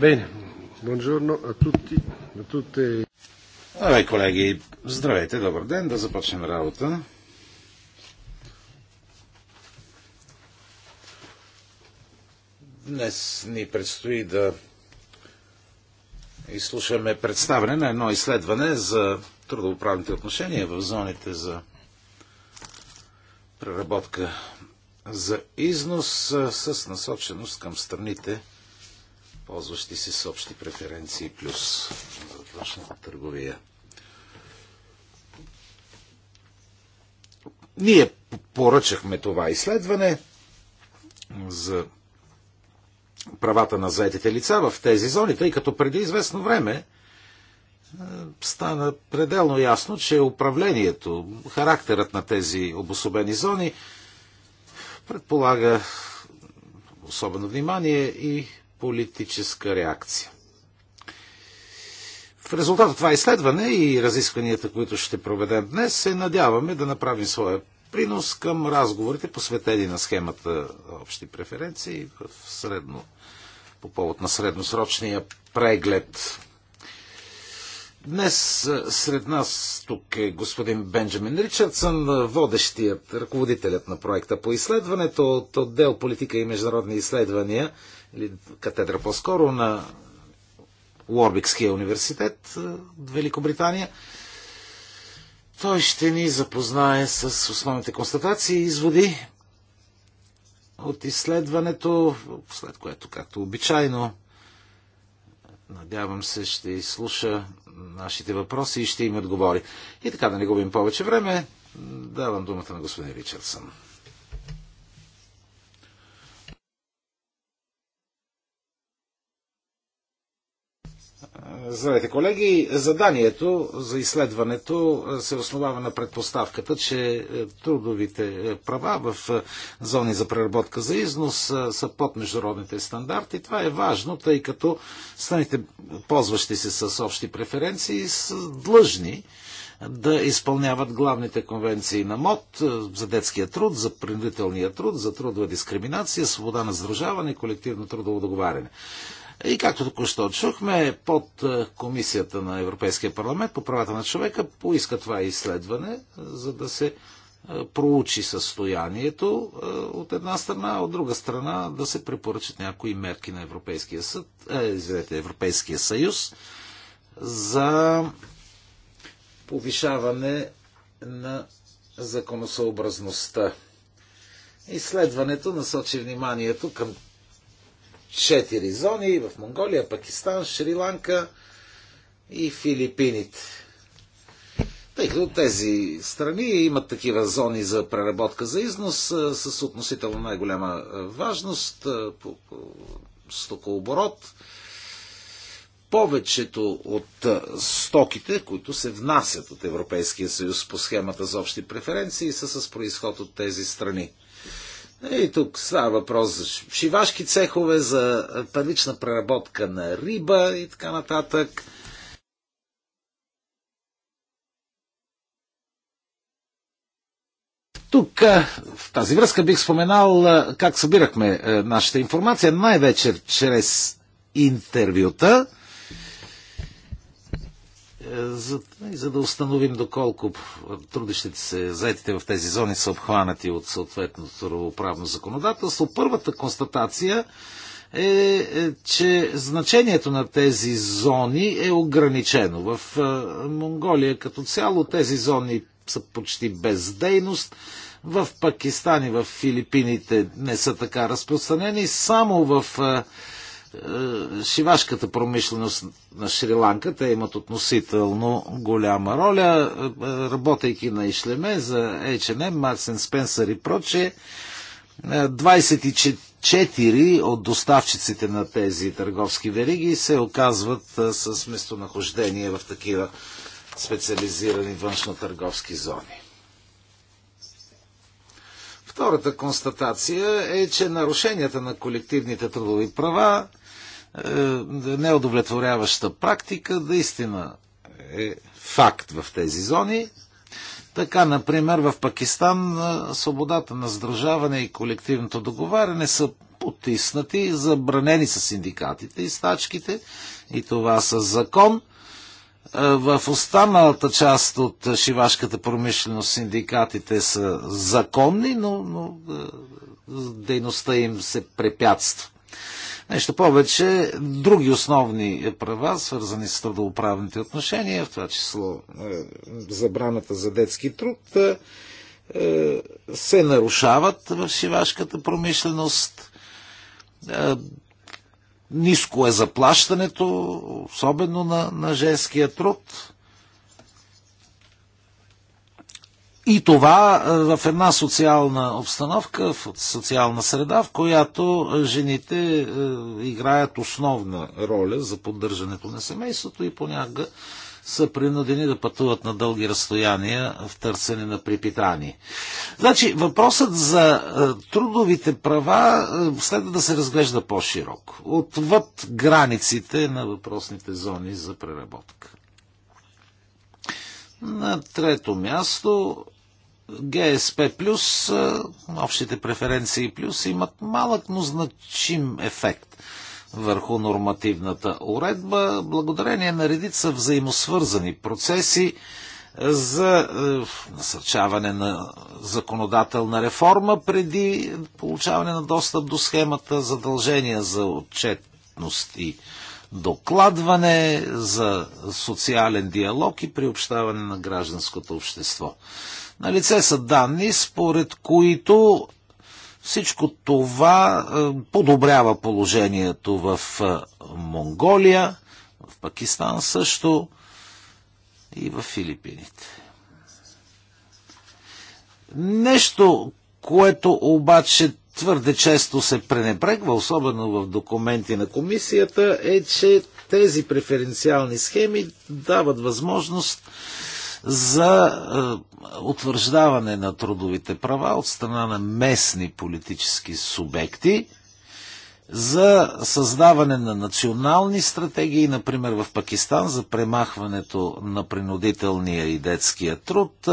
Bene, buongiorno a tutti, a tutte. Абе, colleghi, здравейте, добър ден, да започнем работа. Днес ни предстои да изслушаме представяне на едно изследване за трудовоправните отношения в зоните за преработка за износ с насоченост към страните ползващи се с общи преференции плюс за външната търговия. Ние поръчахме това изследване за правата на заетите лица в тези зони, тъй като преди известно време е, стана пределно ясно, че управлението, характерът на тези обособени зони предполага особено внимание и политическа реакция. В резултат от това изследване и разискванията, които ще проведем днес, се надяваме да направим своя принос към разговорите, посветени на схемата общи преференции в средно, по повод на средносрочния преглед. Днес сред нас тук е господин Бенджамин Ричардсън, водещият, ръководителят на проекта по изследването от отдел политика и международни изследвания – или катедра по-скоро на Уорбикския университет е, в Великобритания. Той ще ни запознае с основните констатации и изводи от изследването, след което, както обичайно, надявам се, ще изслуша нашите въпроси и ще им отговори. И така, да не губим повече време, давам думата на господин Ричардсън. Здравейте, колеги. Заданието за изследването се основава на предпоставката, че е, трудовите е, права в е, зони за преработка за износ са под международните стандарти. Това е важно, тъй като страните, ползващи се с общи преференции, са длъжни да изпълняват главните конвенции на МОД за детския труд, за принудителния труд, за трудова дискриминация, свобода на сдружаване, колективно трудово договаряне. И както току-що чухме, под е, Комисията на Европейския парламент по правата на човека поиска това изследване, за да се е, проучи състоянието е, от една страна, а от друга страна да се препоръчат някои мерки на Европейския, съд, е, извините, Европейския съюз за повишаване на законосъобразността. Изследването насочи вниманието към четири зони в Монголия, Пакистан, Шри-Ланка и Филипините. Тъй като тези страни имат такива зони за преработка за износ с относително най-голяма важност по, стокооборот. Повечето от стоките, които се внасят от Европейския съюз по схемата за общи преференции, са с происход от тези страни. И тук става въпрос за шивашки цехове, за първична преработка на риба и така нататък. Тук в тази връзка бих споменал как събирахме нашата информация, най-вече чрез интервюта за, за да установим доколко трудещите се, заетите в тези зони са обхванати от съответното правно законодателство. Първата констатация е, е, че значението на тези зони е ограничено. В е, Монголия като цяло тези зони са почти без дейност. В Пакистан и в Филипините не са така разпространени. Само в е, е, шивашката промишленост на Шри-Ланка, те имат относително голяма роля, е, работейки на Ишлеме за H&M, Марсен Спенсър и прочее. 24 е, от доставчиците на тези търговски вериги се оказват с местонахождение в такива специализирани външно-търговски зони. Втората констатация е, че нарушенията на колективните трудови права е, неудовлетворяваща практика наистина е факт в тези зони. Така, например, в Пакистан е, свободата на сдружаване и колективното договаряне са потиснати, забранени са синдикатите и стачките, и това с закон. Е, в останалата част от шивашката промишленост синдикатите са законни, но, но дейността им се препятства. Нещо повече, други основни права, свързани с трудоуправните отношения, в това число е, забраната за детски труд, е, е, се нарушават в шивашката промишленост. Ниско е заплащането, особено на, на женския труд. И това е, в една социална обстановка, в социална среда, в която жените е, играят основна роля за поддържането на семейството и понякога са принудени да пътуват на дълги разстояния в търсене на припитание. Значи, въпросът за е, трудовите права следва да се разглежда по-широко, отвъд границите на въпросните зони за преработка. На трето място ГСП плюс, общите преференции плюс имат малък, но значим ефект върху нормативната уредба, благодарение на редица взаимосвързани процеси за насърчаване на законодателна реформа преди получаване на достъп до схемата, задължения за отчет отчетности, докладване, за социален диалог и приобщаване на гражданското общество. На лице са данни, според които всичко това е, подобрява положението в е, Монголия, в Пакистан също и в Филипините. Нещо, което обаче твърде често се пренебрегва, особено в документи на комисията, е, че тези преференциални схеми дават възможност за е, утвърждаване на трудовите права от страна на местни политически субекти, за създаване на национални стратегии, например в Пакистан, за премахването на принудителния и детския труд,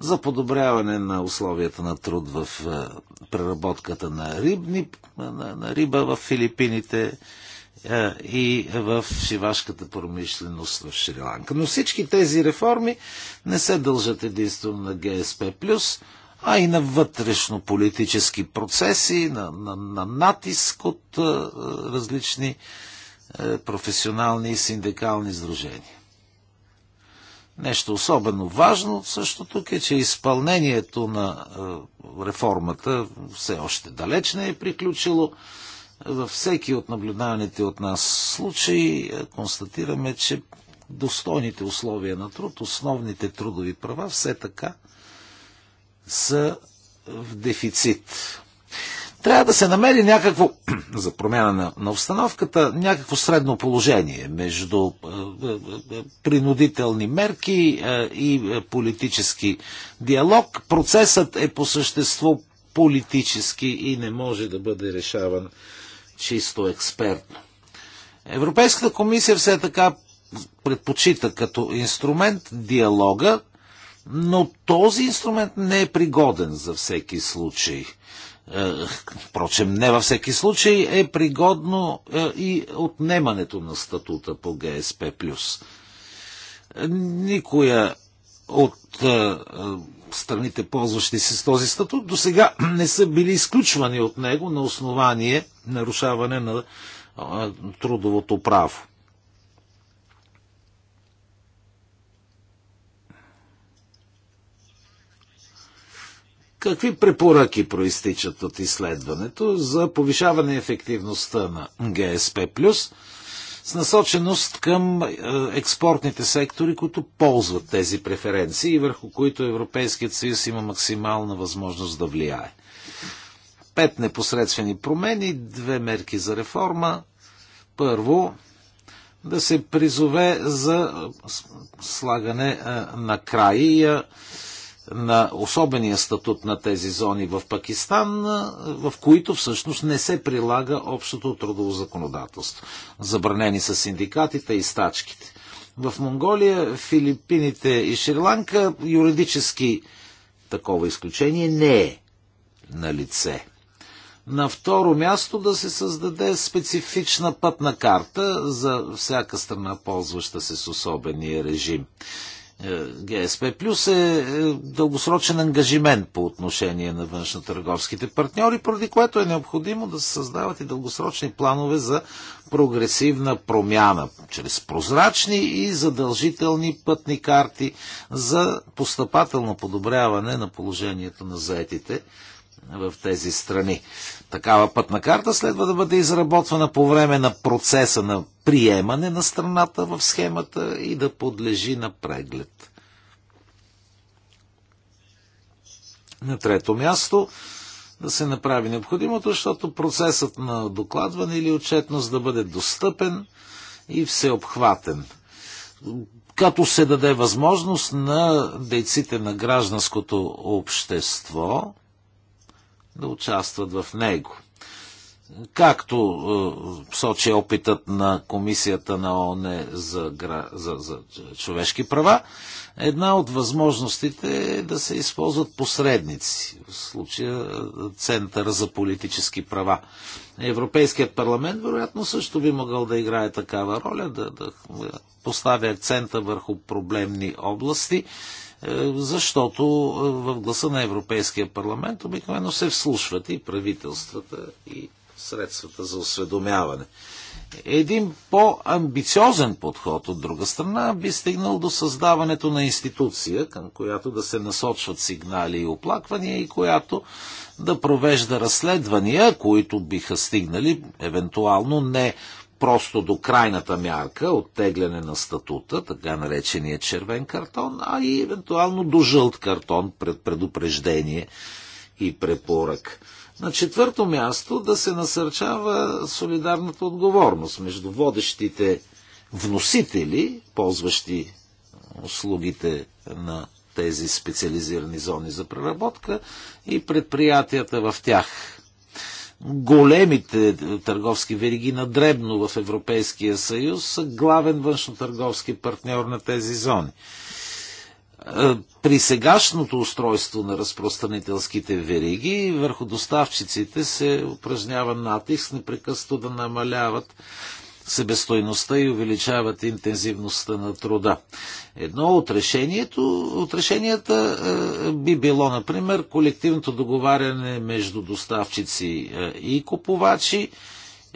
за подобряване на условията на труд в преработката на, рибни, на, на риба в Филипините и в шивашката промишленост в Шри-Ланка. Но всички тези реформи не се дължат единствено на ГСП+, а и на вътрешно-политически процеси, на, на, на натиск от а, различни а, професионални и синдикални сдружения. Нещо особено важно също тук е, че изпълнението на реформата все още далеч не е приключило. Във всеки от наблюдаваните от нас случаи констатираме, че достойните условия на труд, основните трудови права все така са в дефицит. Трябва да се намери някакво, за промяна на, на обстановката, някакво средно положение между е, е, е, принудителни мерки и политически диалог. Процесът е по същество политически и не може да бъде решаван чисто експертно. Европейската комисия все така предпочита като инструмент диалога, но този инструмент не е пригоден за всеки случай. Е, впрочем, не във всеки случай е пригодно е, и отнемането на статута по ГСП. Никоя от е, страните, ползващи се с този статут, до сега не са били изключвани от него на основание нарушаване на трудовото право. Какви препоръки проистичат от изследването за повишаване ефективността на ГСП Плюс с насоченост към е, експортните сектори, които ползват тези преференции и върху които Европейският съюз има максимална възможност да влияе? Пет непосредствени промени, две мерки за реформа. Първо, да се призове за слагане е, на край е, на особения статут на тези зони в Пакистан, в които всъщност не се прилага общото трудово законодателство. Забранени са синдикатите и стачките. В Монголия, Филипините и Шри-Ланка юридически такова изключение не е на лице. На второ място да се създаде специфична пътна карта за всяка страна, ползваща се с особения режим. ГСП Плюс е, е дългосрочен ангажимент по отношение на външно-търговските партньори, поради което е необходимо да се създават и дългосрочни планове за прогресивна промяна, чрез прозрачни и задължителни пътни карти за постъпателно подобряване на положението на заетите в тези страни. Такава пътна карта следва да бъде изработвана по време на процеса на приемане на страната в схемата и да подлежи на преглед. На трето място да се направи необходимото, защото процесът на докладване или отчетност да бъде достъпен и всеобхватен. Като се даде възможност на дейците на гражданското общество да участват в него. Както е, сочи опитът на Комисията на ООН за, за, за човешки права, една от възможностите е да се използват посредници, в случая е, Центъра за политически права. Европейският парламент, вероятно, също би могъл да играе такава роля, да, да поставя акцента върху проблемни области е, защото е, в гласа на Европейския парламент обикновено се вслушват и правителствата, и средствата за осведомяване. Един по-амбициозен подход от друга страна би стигнал до създаването на институция, към която да се насочват сигнали и оплаквания и която да провежда разследвания, които биха стигнали евентуално не просто до крайната мярка, оттегляне на статута, така наречения червен картон, а и евентуално до жълт картон, пред предупреждение и препорък. На четвърто място да се насърчава солидарната отговорност между водещите вносители, ползващи услугите на тези специализирани зони за преработка и предприятията в тях големите търговски вериги на дребно в Европейския съюз са главен външно-търговски партньор на тези зони. Е, при сегашното устройство на разпространителските вериги върху доставчиците се упражнява натиск непрекъснато да намаляват себестойността и увеличават интензивността на труда. Едно от, решението, от решенията е, би било, например, колективното договаряне между доставчици е, и купувачи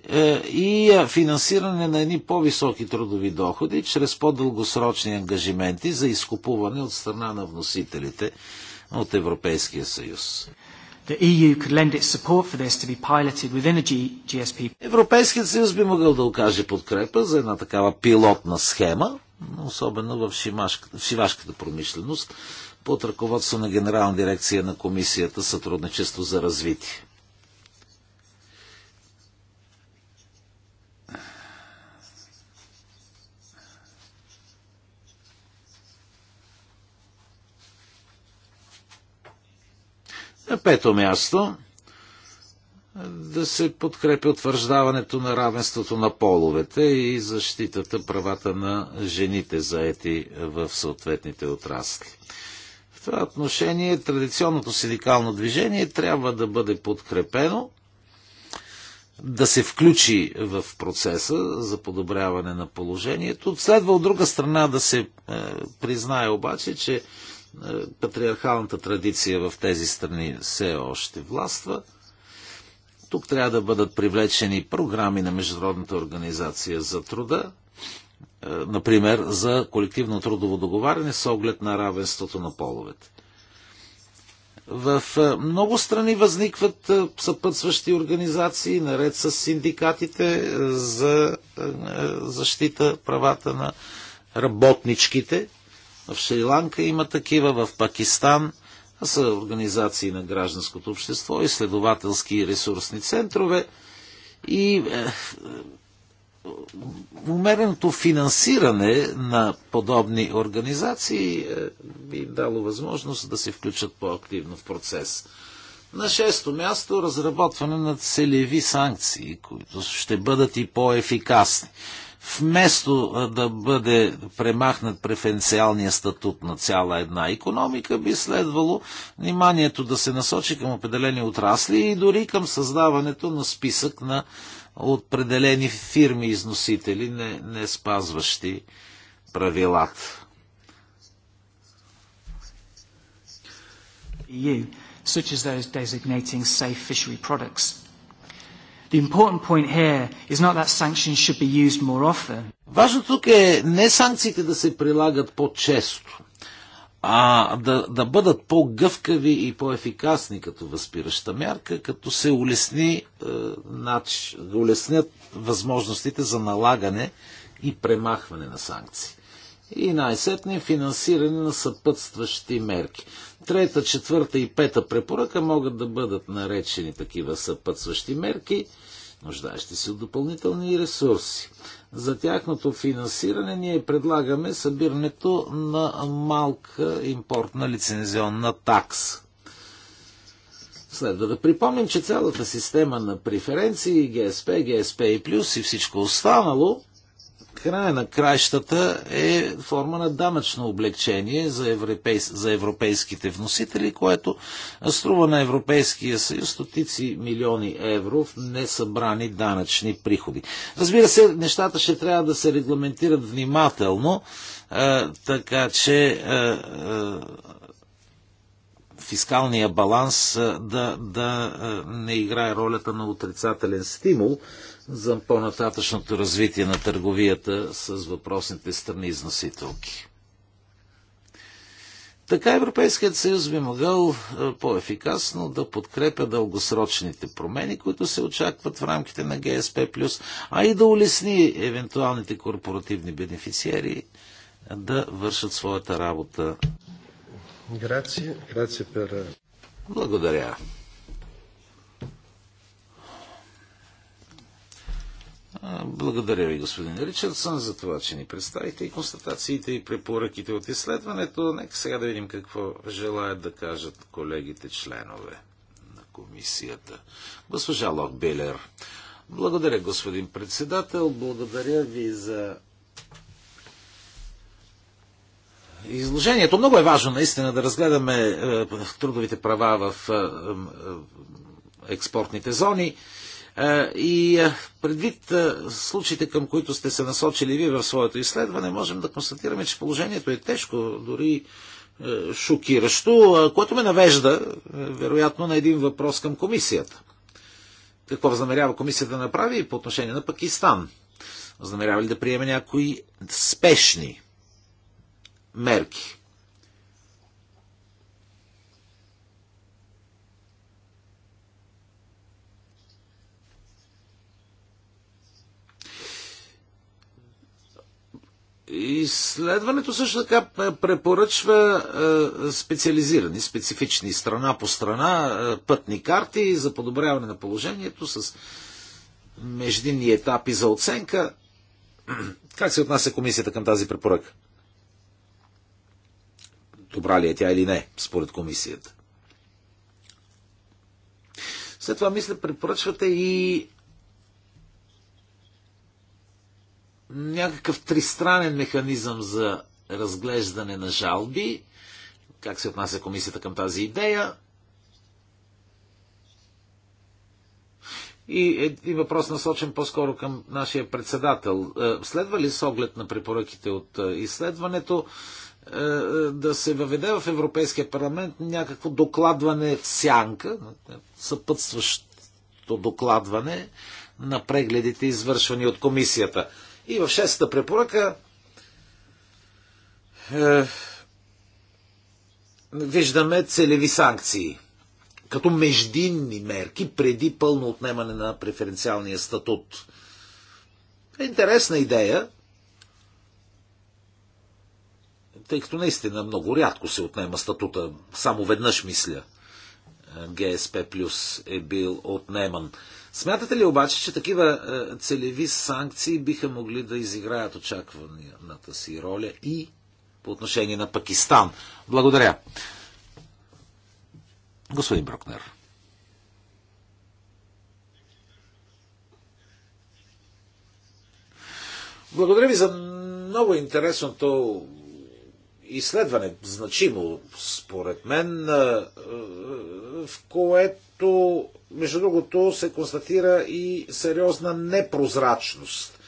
е, и финансиране на едни по-високи трудови доходи чрез по-дългосрочни ангажименти за изкупуване от страна на вносителите от Европейския съюз. The EU could lend its support for this to be piloted within a G- GSP. Европейският съюз би могъл да окаже подкрепа за една такава пилотна схема, особено в шивашката, в шивашката промишленост, под ръководство на Генерална дирекция на Комисията Сътрудничество за развитие. пето място да се подкрепи утвърждаването на равенството на половете и защитата правата на жените заети в съответните отрасли. В това отношение традиционното синдикално движение трябва да бъде подкрепено, да се включи в процеса за подобряване на положението. Следва от друга страна да се е, признае обаче, че е, патриархалната традиция в тези страни все още властва. Тук трябва да бъдат привлечени програми на Международната организация за труда, е, например за колективно трудово договаряне с оглед на равенството на половете. В е, много страни възникват съпътстващи организации, наред с синдикатите за защита правата на работничките, в Шри-Ланка има такива, в Пакистан са организации на гражданското общество, изследователски и ресурсни центрове и е, е, умереното финансиране на подобни организации е, би им дало възможност да се включат по-активно в процес. На шесто място разработване на целеви санкции, които ще бъдат и по-ефикасни вместо да бъде премахнат преференциалния статут на цяла една економика, би следвало вниманието да се насочи към определени отрасли и дори към създаването на списък на определени фирми износители, не, не спазващи правилата. such as those designating safe fishery products The important point here is not that sanctions should be used more often. Важно тук е не санкциите да се прилагат по-често, а да, да бъдат по-гъвкави и по-ефикасни като възпираща мярка, като се улесни, е, нач, улеснят възможностите за налагане и премахване на санкции. И най-сетне финансиране на съпътстващи мерки. Трета, четвърта и пета препоръка могат да бъдат наречени такива съпътстващи мерки, нуждаещи се от допълнителни ресурси. За тяхното финансиране ние предлагаме събирането на малка импортна лицензионна такса. Следва да припомним, че цялата система на преференции, ГСП, ГСП и плюс и всичко останало края на краищата е форма на данъчно облегчение за, европейс, за европейските вносители, което струва на Европейския съюз стотици милиони евро в несъбрани данъчни приходи. Разбира се, нещата ще трябва да се регламентират внимателно, а, е, така че а, е, а, е, фискалния баланс да, да не играе ролята на отрицателен стимул за по-нататъчното развитие на търговията с въпросните страни износителки. Така Европейският съюз би могъл е, по-ефикасно да подкрепя дългосрочните промени, които се очакват в рамките на ГСП+, а и да улесни евентуалните корпоративни бенефициери е, да вършат своята работа. Грация, грация Благодаря. Благодаря ви, господин Ричардсън, за това, че ни представите и констатациите и препоръките от изследването. Нека сега да видим какво желаят да кажат колегите членове на комисията. Госпожа Лок Билер. Благодаря, господин председател. Благодаря ви за изложението. Много е важно наистина да разгледаме е, трудовите права в е, е, експортните зони. И предвид случаите, към които сте се насочили ви в своето изследване, можем да констатираме, че положението е тежко, дори шокиращо, което ме навежда, вероятно, на един въпрос към комисията. Какво възнамерява комисията да направи по отношение на Пакистан? Възнамерява ли да приеме някои спешни мерки? Изследването също така е, препоръчва е, специализирани, специфични страна по страна е, пътни карти за подобряване на положението с междинни етапи за оценка. Как се отнася комисията към тази препоръка? Добра ли е тя или не, според комисията? След това, мисля, препоръчвате и някакъв тристранен механизъм за разглеждане на жалби. Как се отнася комисията към тази идея? И един въпрос насочен по-скоро към нашия председател. Е, следва ли с оглед на препоръките от е, изследването е, да се въведе в Европейския парламент някакво докладване в сянка, съпътстващо докладване на прегледите, извършвани от комисията? И в шестата препоръка е, виждаме целеви санкции като междинни мерки преди пълно отнемане на преференциалния статут. Интересна идея, тъй като наистина много рядко се отнема статута, само веднъж мисля. ГСП плюс е бил отнеман. Смятате ли обаче, че такива е, целеви санкции биха могли да изиграят очакваната си роля и по отношение на Пакистан? Благодаря. Господин Брокнер. Благодаря ви за много интересното изследване, значимо според мен, в което, между другото, се констатира и сериозна непрозрачност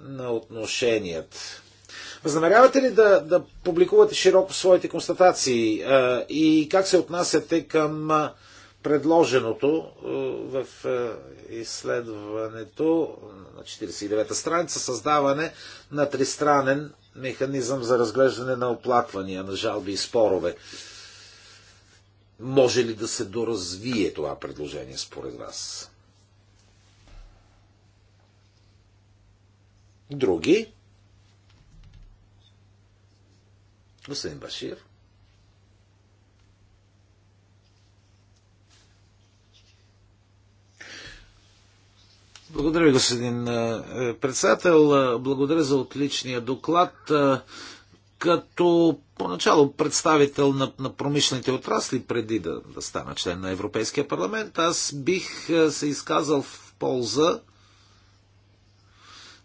на отношенията. Възнамерявате ли да, да публикувате широко своите констатации а, и как се отнасяте към предложеното а, в а, изследването на 49-та страница създаване на тристранен механизъм за разглеждане на оплаквания, на жалби и спорове. Може ли да се доразвие това предложение според вас? Други? Господин Башир. Благодаря ви, господин е, е, председател. Е, благодаря за отличния доклад. Като поначало представител на, на промишлените отрасли, преди да, да стана член на Европейския парламент, аз бих се изказал в полза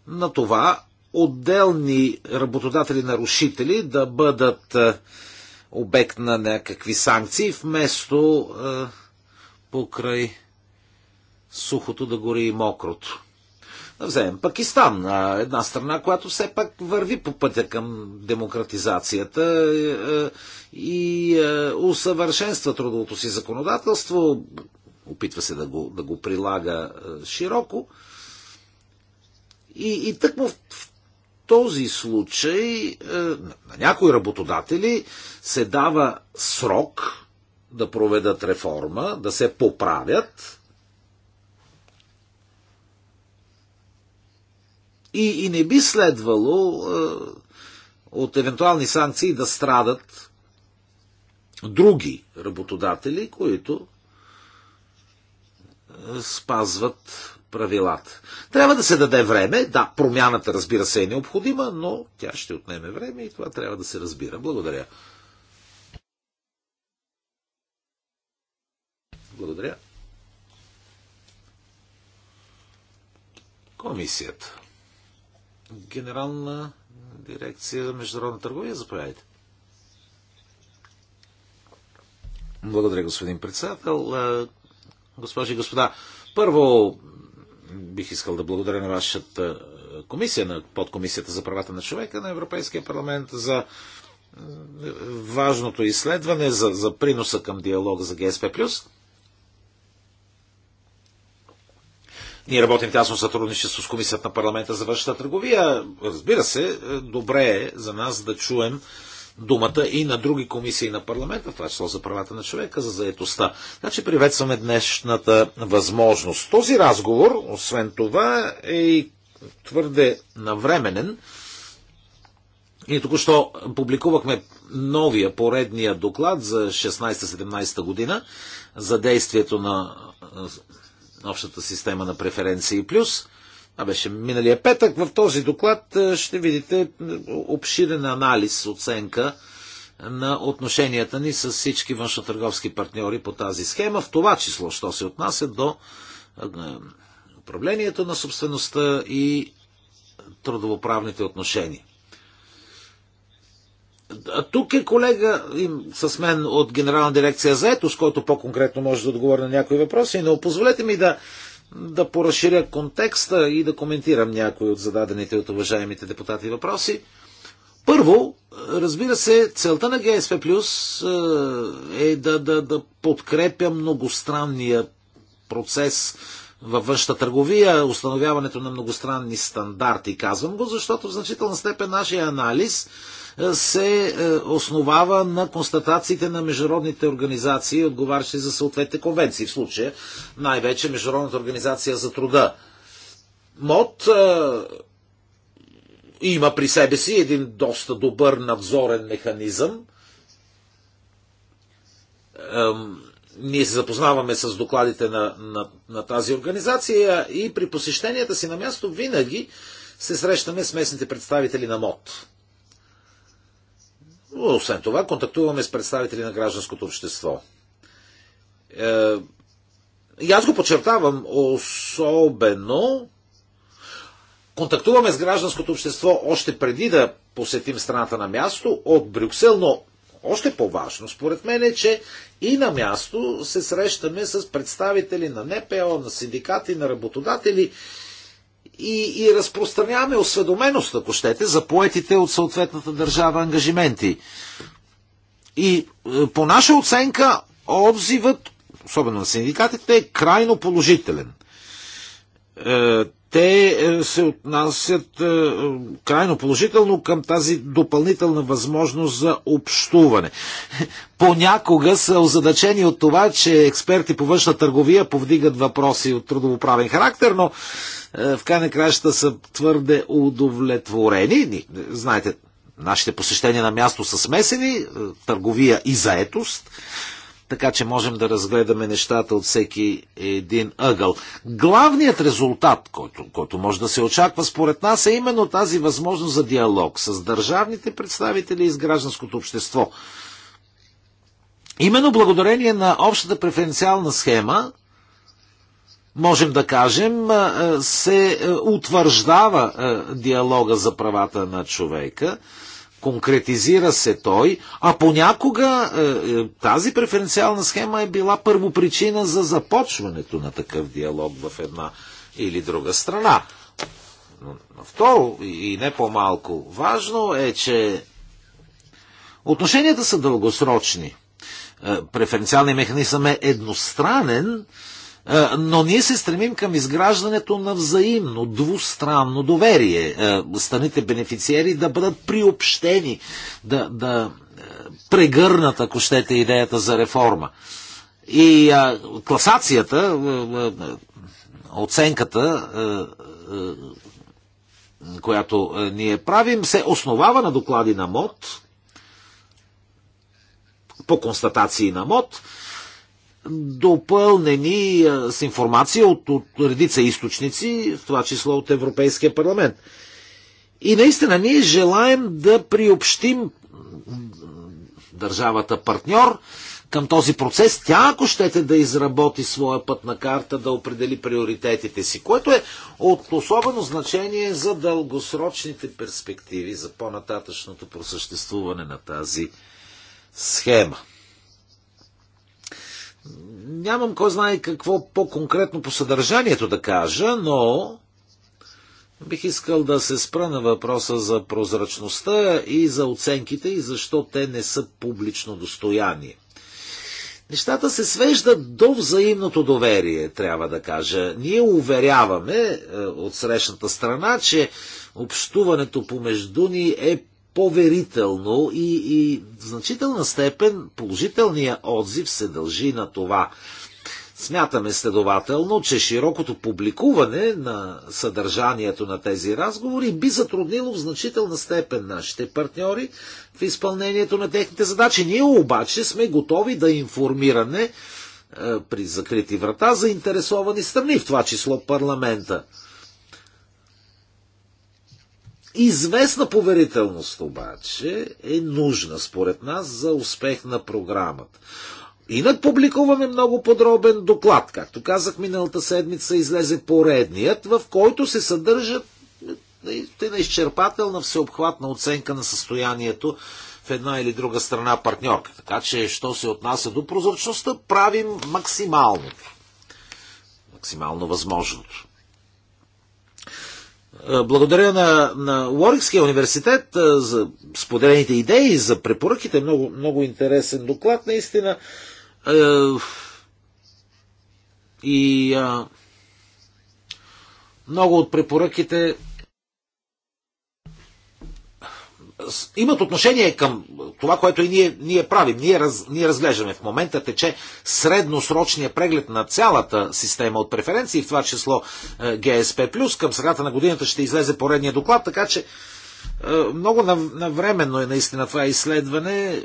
на това отделни работодатели-нарушители да бъдат обект на някакви санкции, вместо покрай сухото да гори и мокрото. Да вземем Пакистан, една страна, която все пак върви по пътя към демократизацията е, е, и е, усъвършенства трудовото си законодателство, опитва се да го, да го прилага широко. И, и тъкмо в този случай на някои работодатели се дава срок да проведат реформа, да се поправят, и, и не би следвало е, от евентуални санкции да страдат други работодатели, които е, спазват правилата. Трябва да се даде време. Да, промяната, разбира се, е необходима, но тя ще отнеме време и това трябва да се разбира. Благодаря. Благодаря. Комисията. Генерална дирекция Международна търговия. Заповядайте. Благодаря, господин председател. Е, госпожи и господа, първо бих искал да благодаря на вашата е, комисия, на подкомисията за правата на човека на Европейския парламент за е, важното изследване, за, за приноса към диалога за ГСП+. Ние работим тясно сътрудничество с Комисията на парламента за външната търговия. Разбира се, е, добре е за нас да чуем думата и на други комисии на парламента, в това число за правата на човека, за заедостта. Значи приветстваме днешната възможност. Този разговор, освен това, е и твърде навременен. И току-що публикувахме новия поредния доклад за 16-17 година за действието на общата система на преференции плюс. Това беше миналия петък. В този доклад е, ще видите е, обширен анализ, оценка е, на отношенията ни с всички външнотърговски партньори по тази схема, в това число, що се отнася до управлението на собствеността и трудовоправните отношения. А тук е колега им, с мен от Генерална дирекция за ето, с който по-конкретно може да отговоря на някои въпроси, но позволете ми да, да поразширя контекста и да коментирам някои от зададените от уважаемите депутати въпроси. Първо, разбира се, целта на ГСП Плюс е, е да, да, да подкрепя многостранния процес във външната търговия, установяването на многостранни стандарти. Казвам го, защото в значителна степен нашия анализ е, се е, основава на констатациите на международните организации, отговарящи за съответните конвенции. В случая най-вече Международната организация за труда. МОД е, има при себе си един доста добър надзорен механизъм ние се запознаваме с докладите на, на, на тази организация и при посещенията си на място винаги се срещаме с местните представители на МОД. Освен това, контактуваме с представители на гражданското общество. Е, и аз го подчертавам особено. Контактуваме с гражданското общество още преди да посетим страната на място от Брюксел, но още по-важно, според мен, е, че и на място се срещаме с представители на НПО, на синдикати, на работодатели и, и разпространяваме осведоменост, ако щете, за поетите от съответната държава ангажименти. И е, по наша оценка, отзивът, особено на синдикатите, е крайно положителен е, те е, се отнасят е, крайно положително към тази допълнителна възможност за общуване. Понякога са озадачени от това, че експерти по външна търговия повдигат въпроси от трудовоправен характер, но е, в край на краща са твърде удовлетворени. Знаете, нашите посещения на място са смесени, търговия и заетост така че можем да разгледаме нещата от всеки един ъгъл. Главният резултат, който, който може да се очаква според нас, е именно тази възможност за диалог с държавните представители и с гражданското общество. Именно благодарение на общата преференциална схема, можем да кажем, се утвърждава диалога за правата на човека конкретизира се той, а понякога е, е, тази преференциална схема е била първопричина за започването на такъв диалог в една или друга страна. Но второ и не по-малко важно е, че отношенията са дългосрочни. Е, преференциалният механизъм е едностранен е, но ние се стремим към изграждането на взаимно, двустранно доверие. Е, страните бенефициери да бъдат приобщени, да, да е, прегърнат, ако щете, идеята за реформа. И класацията, оценката, която ние правим, се основава на доклади на МОД, по констатации на МОД, допълнени с информация от, от редица източници, в това число от Европейския парламент. И наистина ние желаем да приобщим държавата партньор към този процес. Тя, ако щете да изработи своя път на карта, да определи приоритетите си, което е от особено значение за дългосрочните перспективи, за по-нататъчното просъществуване на тази схема. Нямам кой знае какво по-конкретно по съдържанието да кажа, но бих искал да се спра на въпроса за прозрачността и за оценките и защо те не са публично достояние. Нещата се свеждат до взаимното доверие, трябва да кажа. Ние уверяваме е, от срещната страна, че общуването помежду ни е поверително и, и в значителна степен положителният отзив се дължи на това. Смятаме следователно, че широкото публикуване на съдържанието на тези разговори би затруднило в значителна степен нашите партньори в изпълнението на техните задачи. Ние обаче сме готови да информираме е, при закрити врата за интересовани страни, в това число парламента. Известна поверителност обаче е нужна според нас за успех на програмата. Инак публикуваме много подробен доклад. Както казах, миналата седмица излезе поредният, в който се съдържат на изчерпателна всеобхватна оценка на състоянието в една или друга страна партньорка. Така че, що се отнася до прозрачността, правим максималното. Максимално възможното. Е, благодаря на, на Уорикския университет е, за споделените идеи, за препоръките. Много, много интересен доклад, наистина. Е, и много от препоръките имат отношение към това, което и ние, ние правим. Ние, раз, ние разглеждаме. В момента тече средносрочния преглед на цялата система от преференции, в това число е, ГСП+. Към средата на годината ще излезе поредния доклад, така че е, много навременно е наистина това изследване. Е,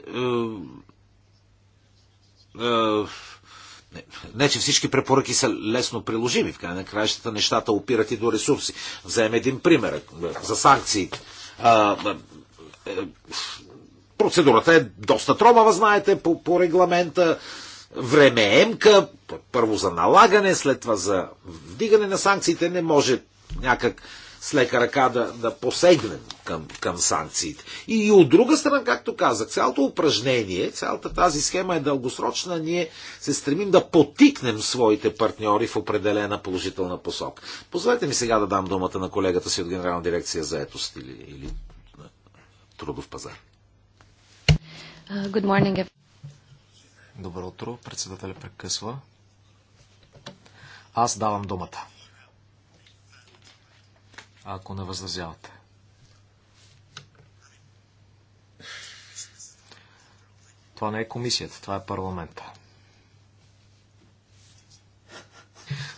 не, не, че всички препоръки са лесно приложими. В край на краищата нещата опират и до ресурси. Вземем един пример за санкциите. Е, процедурата е доста тромава, знаете, по, по регламента. Времеемка, е първо за налагане, след това за вдигане на санкциите. Не може някак с лека ръка да, да посегнем към, към санкциите. И, и от друга страна, както казах, цялото упражнение, цялата тази схема е дългосрочна, ние се стремим да потикнем своите партньори в определена положителна посока. Позволете ми сега да дам думата на колегата си от Генерална дирекция за етост или, или трудов пазар. Good morning. Добро утро. Председателя прекъсва. Аз давам думата. Ако не възразявате. Това не е комисията, това е парламента.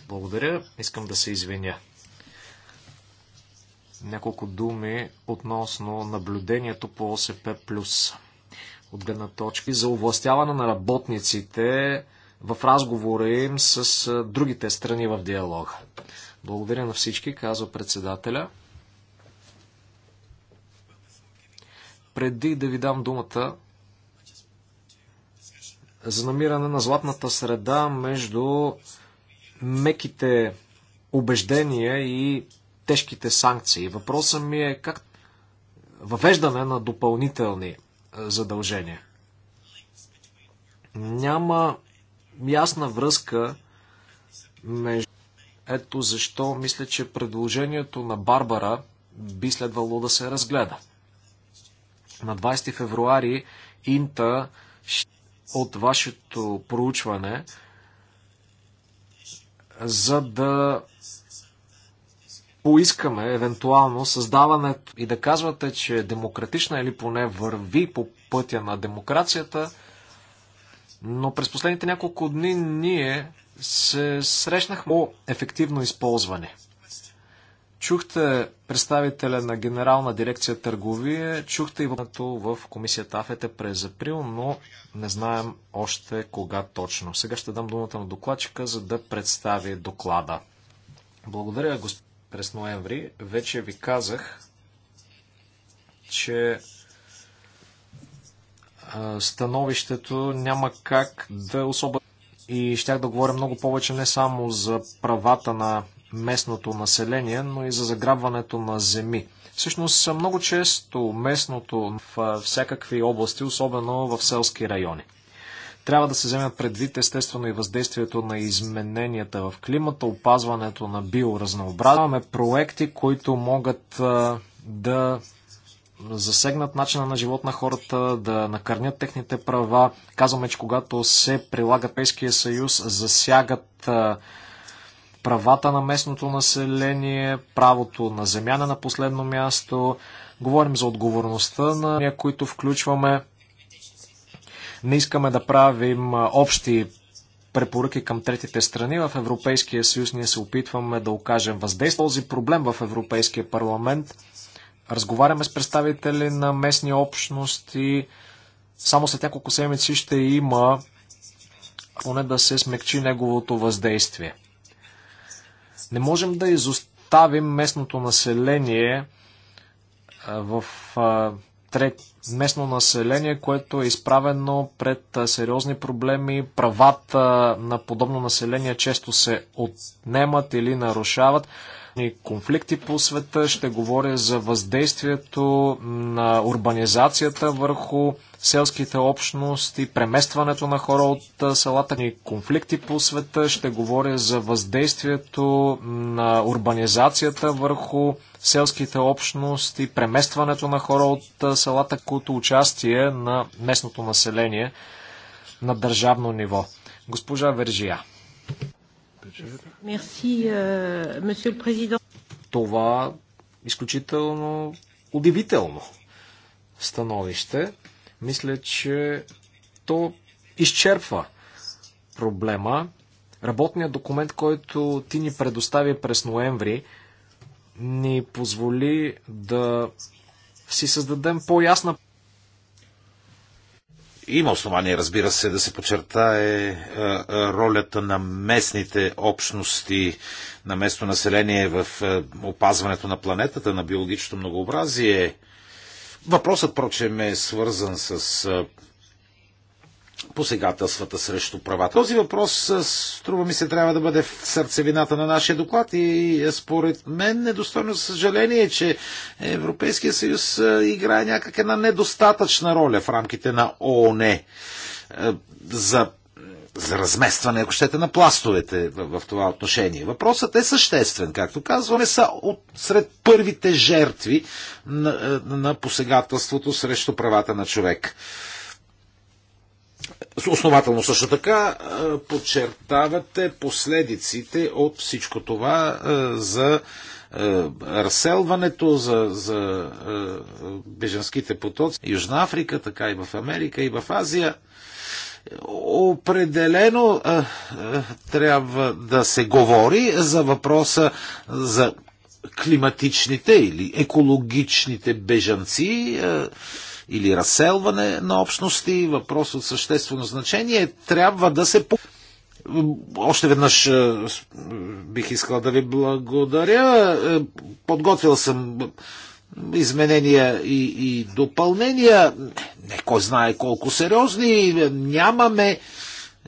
Благодаря. Искам да се извиня няколко думи относно наблюдението по ОСП+. Плюс, От гледна точка за овластяване на работниците в разговора им с другите страни в диалога. Благодаря на всички, казва председателя. Преди да ви дам думата за намиране на златната среда между меките убеждения и тежките санкции. Въпросът ми е как въвеждане на допълнителни е, задължения. Няма ясна връзка между. Ето защо мисля, че предложението на Барбара би следвало да се разгледа. На 20 февруари Инта от вашето проучване, за да поискаме евентуално създаването и да казвате, че е демократична или поне върви по пътя на демокрацията, но през последните няколко дни ние се срещнахме по ефективно използване. Чухте представителя на Генерална дирекция търговия, чухте и в комисията АФЕТЕ през април, но не знаем още кога точно. Сега ще дам думата на докладчика, за да представи доклада. Благодаря, господин през ноември, вече ви казах, че становището няма как да е особено. И щях да говоря много повече не само за правата на местното население, но и за заграбването на земи. Всъщност много често местното в всякакви области, особено в селски райони. Трябва да се вземат предвид естествено и въздействието на измененията в климата, опазването на биоразнообразие. Имаме проекти, които могат да засегнат начина на живот на хората, да накърнят техните права. Казваме, че когато се прилага Пейския съюз, засягат правата на местното население, правото на земяна на последно място. Говорим за отговорността на които включваме не искаме да правим общи препоръки към третите страни. В Европейския съюз ние се опитваме да окажем въздействие. Този проблем в Европейския парламент. Разговаряме с представители на местни общности. Само след няколко седмици ще има поне да се смекчи неговото въздействие. Не можем да изоставим местното население в трети. местно население, което е изправено пред сериозни проблеми. Правата на подобно население често се отнемат или нарушават. И Конфликти по света, ще говоря за въздействието на урбанизацията върху селските общности, преместването на хора от селата И конфликти по света, ще говоря за въздействието на урбанизацията върху селските общности, преместването на хора от селата, като участие на местното население на държавно ниво. Госпожа Вержия. Това изключително удивително становище. Мисля, че то изчерпва проблема. Работният документ, който ти ни предостави през ноември, ни позволи да си създадем по-ясна. Има основание, разбира се, да се подчертае е, е, ролята на местните общности, на местно население в е, опазването на планетата, на биологичното многообразие. Въпросът, прочем, е свързан с посегателствата срещу правата. Този въпрос, е, струва ми се, трябва да бъде в сърцевината на нашия доклад и е, според мен недостойно съжаление, че Европейския съюз е, играе някак една недостатъчна роля в рамките на ООН за за разместване, ако щете, на пластовете в, в това отношение. Въпросът е съществен, както казваме, са от, сред първите жертви на, на посегателството срещу правата на човек. Основателно също така подчертавате последиците от всичко това за разселването, за, за беженските потоци. Южна Африка, така и в Америка, и в Азия. Определено трябва да се говори за въпроса за климатичните или екологичните бежанци или разселване на общности, въпрос от съществено значение, трябва да се... Още веднъж е, бих искал да ви благодаря. Е, подготвил съм изменения и, и допълнения, не кой знае колко сериозни, нямаме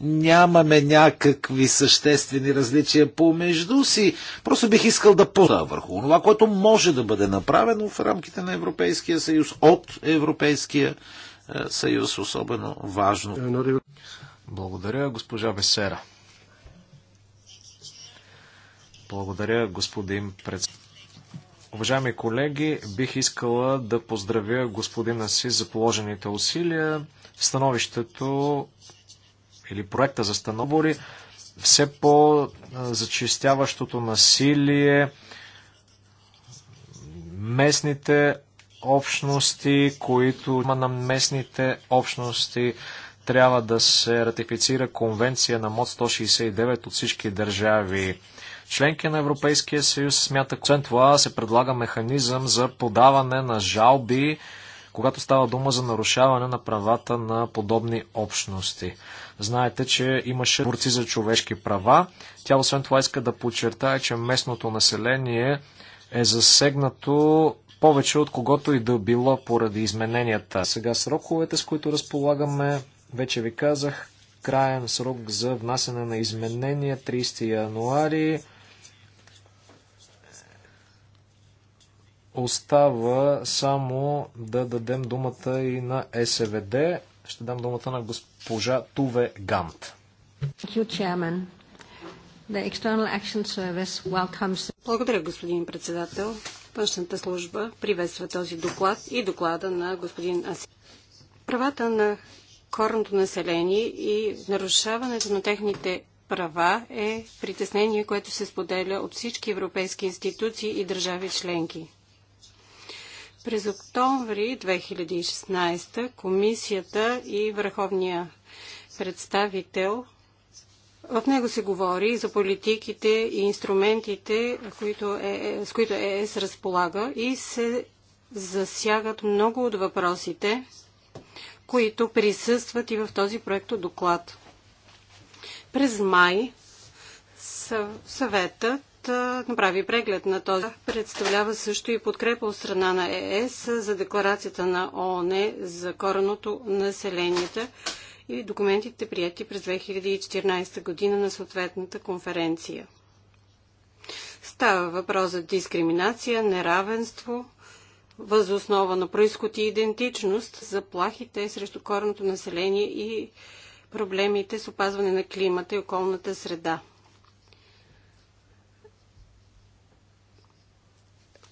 нямаме някакви съществени различия помежду си. Просто бих искал да пода върху това, което може да бъде направено в рамките на Европейския съюз, от Европейския е, съюз, особено важно. Благодаря, госпожа Весера. Благодаря, господин председател. Уважаеми колеги, бих искала да поздравя господина Си за положените усилия. Становището или проекта за становори, все по-зачистяващото насилие, местните общности, които има на местните общности, трябва да се ратифицира конвенция на МОД 169 от всички държави. Членки на Европейския съюз смята, освен това се предлага механизъм за подаване на жалби, когато става дума за нарушаване на правата на подобни общности. Знаете, че имаше борци за човешки права. Тя освен това иска да подчертае, че местното население е засегнато повече от когото и да било поради измененията. Сега сроковете, с които разполагаме, вече ви казах, краен срок за внасяне на изменения 30 януари. Остава само да дадем думата и на СВД. Ще дам думата на госпожа Туве Гант. Благодаря, господин председател. Външната служба приветства този доклад и доклада на господин Аси. Правата на корното население и нарушаването на техните права е притеснение, което се споделя от всички европейски институции и държави членки. През октомври 2016 комисията и върховния представител в него се говори за политиките и инструментите, които е, е, с които ЕС разполага и се засягат много от въпросите, които присъстват и в този проект доклад. През май съветът направи преглед на този. Представлява също и подкрепа от страна на ЕС за декларацията на ООН за кореното населенията и документите прияти през 2014 година на съответната конференция. Става въпрос за дискриминация, неравенство, възоснова на происход и идентичност, заплахите срещу корното население и проблемите с опазване на климата и околната среда.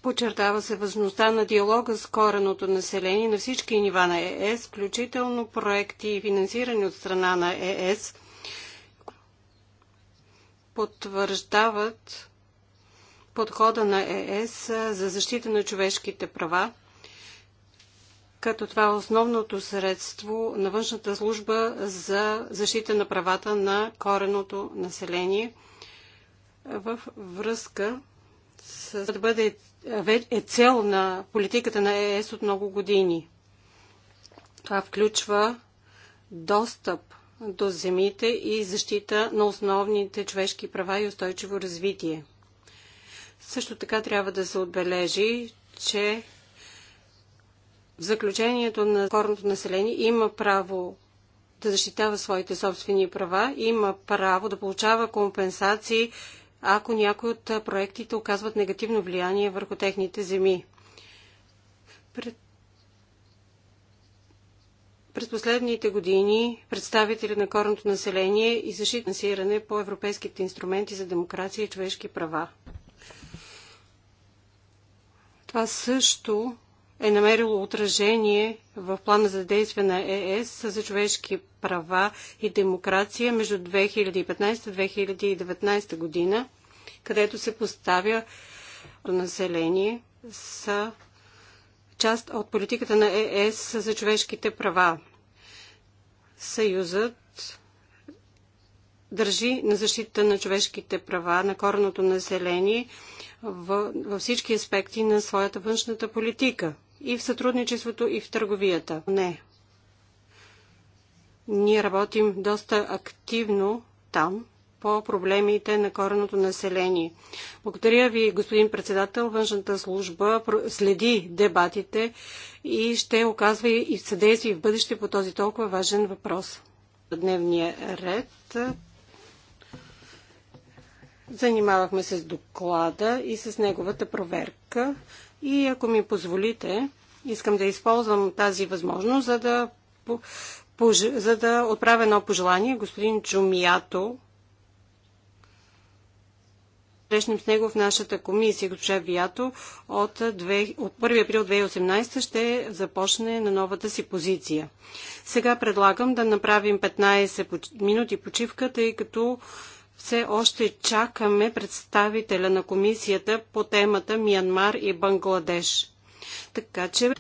Подчертава се възможността на диалога с кореното население на всички нива на ЕС, включително проекти и финансирани от страна на ЕС, потвърждават подхода на ЕС за защита на човешките права, като това е основното средство на външната служба за защита на правата на кореното население в връзка с да бъде е цел на политиката на ЕС от много години. Това включва достъп до земите и защита на основните човешки права и устойчиво развитие. Също така трябва да се отбележи, че в заключението на хорното население има право да защитава своите собствени права, има право да получава компенсации ако някои от проектите оказват негативно влияние върху техните земи. през последните години представители на корното население и финансиране по европейските инструменти за демокрация и човешки права. Това също е намерило отражение в плана за действие на ЕС за човешки права и демокрация между 2015-2019 година, където се поставя население с част от политиката на ЕС за човешките права. Съюзът държи на защита на човешките права на корното население във всички аспекти на своята външната политика – и в сътрудничеството, и в търговията. Не. Ние работим доста активно там по проблемите на кореното население. Благодаря ви, господин председател. Външната служба следи дебатите и ще оказва и съдействие в бъдеще по този толкова важен въпрос. Дневния ред Занимавахме се с доклада и с неговата проверка. И ако ми позволите, искам да използвам тази възможност, за да, за да отправя едно пожелание господин Джумиято. Срещнем с него в нашата комисия, госпожа Виято, от, 2, от 1 април 2018 ще започне на новата си позиция. Сега предлагам да направим 15 минути почивка, тъй като все още чакаме представителя на комисията по темата Миянмар и Бангладеш. Така че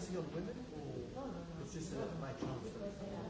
focusing on women, or it's just a, my chance?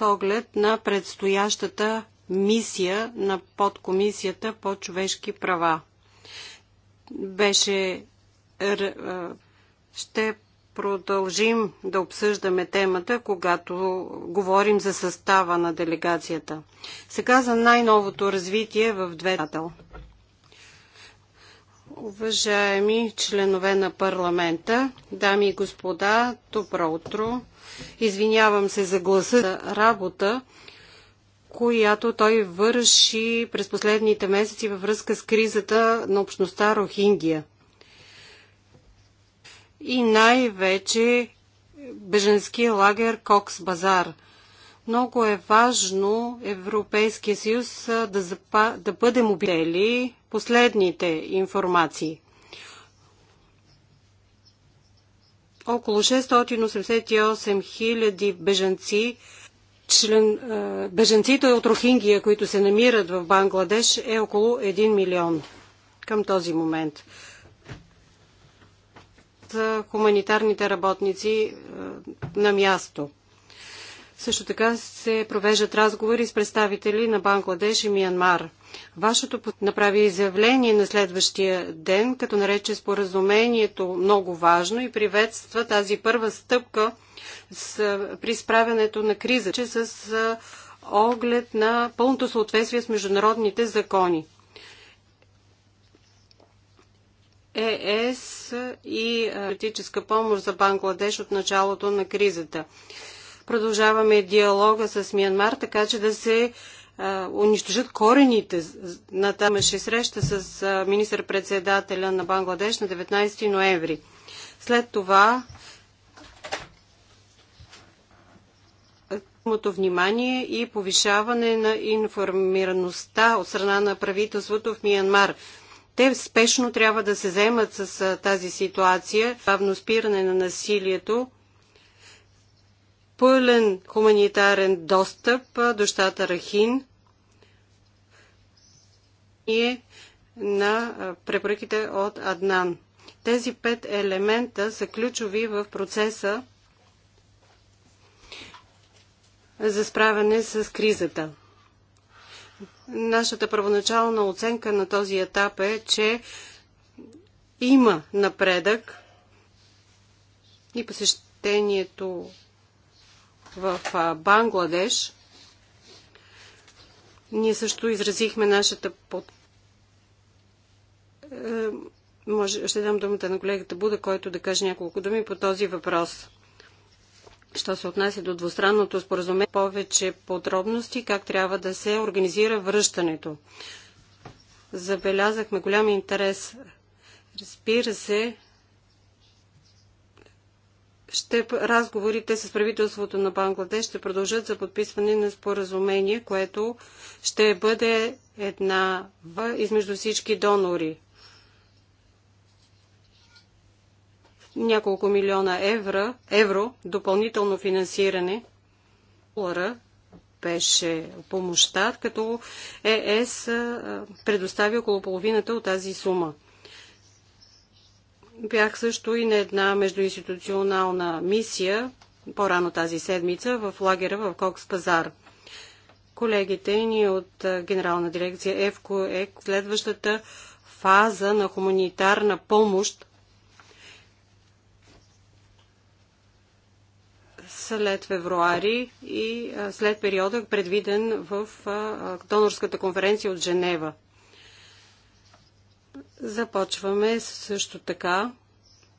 с оглед на предстоящата мисия на подкомисията по човешки права. Беше ще продължим да обсъждаме темата, когато говорим за състава на делегацията. Сега за най-новото развитие в две Уважаеми членове на парламента, дами и господа, добро утро. Извинявам се за гласа за работа, която той върши през последните месеци във връзка с кризата на общността Рохингия. И най-вече беженския лагер Кокс Базар – много е важно Европейския съюз да, запа... да бъдем обидели последните информации. Около 688 хиляди бежанци член, беженците от Рохингия, които се намират в Бангладеш, е около 1 милион към този момент. За хуманитарните работници на място. Също така се провеждат разговори с представители на Бангладеш и Миянмар. Вашето направи изявление на следващия ден, като нарече споразумението много важно и приветства тази първа стъпка с, при справянето на криза, че с оглед на пълното съответствие с международните закони. ЕС е и политическа помощ за Бангладеш от началото на кризата. Продължаваме диалога с Миянмар, така че да се унищожат корените. На там Ще среща с министър-председателя на Бангладеш на 19 ноември. След това необходимото внимание и повишаване на информираността от страна на правителството в Миянмар. Те спешно трябва да се вземат с тази ситуация, бавно спиране на насилието пълен хуманитарен достъп до щата Рахин и на препоръките от Аднан. Тези пет елемента са ключови в процеса за справяне с кризата. Нашата първоначална оценка на този етап е, че има напредък и посещението в Бангладеш. Ние също изразихме нашата под... Е, може, ще дам думата на колегата Буда, който да каже няколко думи по този въпрос. Що се отнася до двустранното споразумение, повече подробности как трябва да се организира връщането. Забелязахме голям интерес. Разбира се, ще, разговорите с правителството на Бангладеш ще продължат за подписване на споразумение, което ще бъде една в, измежду всички донори. Няколко милиона евро, евро допълнително финансиране долара беше помощта, като ЕС е предостави около половината от тази сума. Бях също и на една междуинституционална мисия по-рано тази седмица в лагера в Кокс Пазар. Колегите ни от Генерална дирекция ЕФКО е следващата фаза на хуманитарна помощ след февруари и след периода предвиден в донорската конференция от Женева. Започваме също така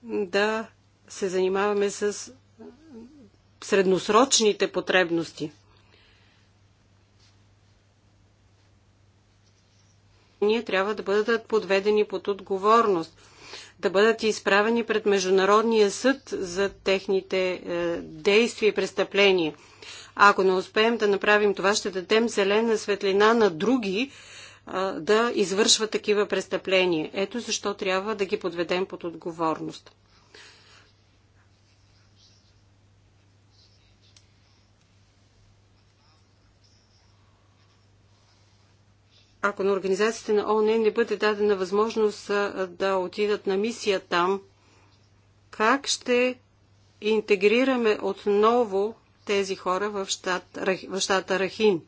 да се занимаваме с средносрочните потребности. Ние трябва да бъдат подведени под отговорност, да бъдат изправени пред Международния съд за техните е, действия и престъпления. ако не успеем да направим това, ще дадем зелена светлина на други, да извършва такива престъпления. Ето защо трябва да ги подведем под отговорност. ако на организацията на ООН не бъде дадена възможност да отидат на мисия там, как ще интегрираме отново тези хора в щата, в щата Рахин?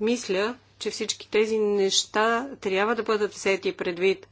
Мисля, че всички тези неща трябва да бъдат взети предвид.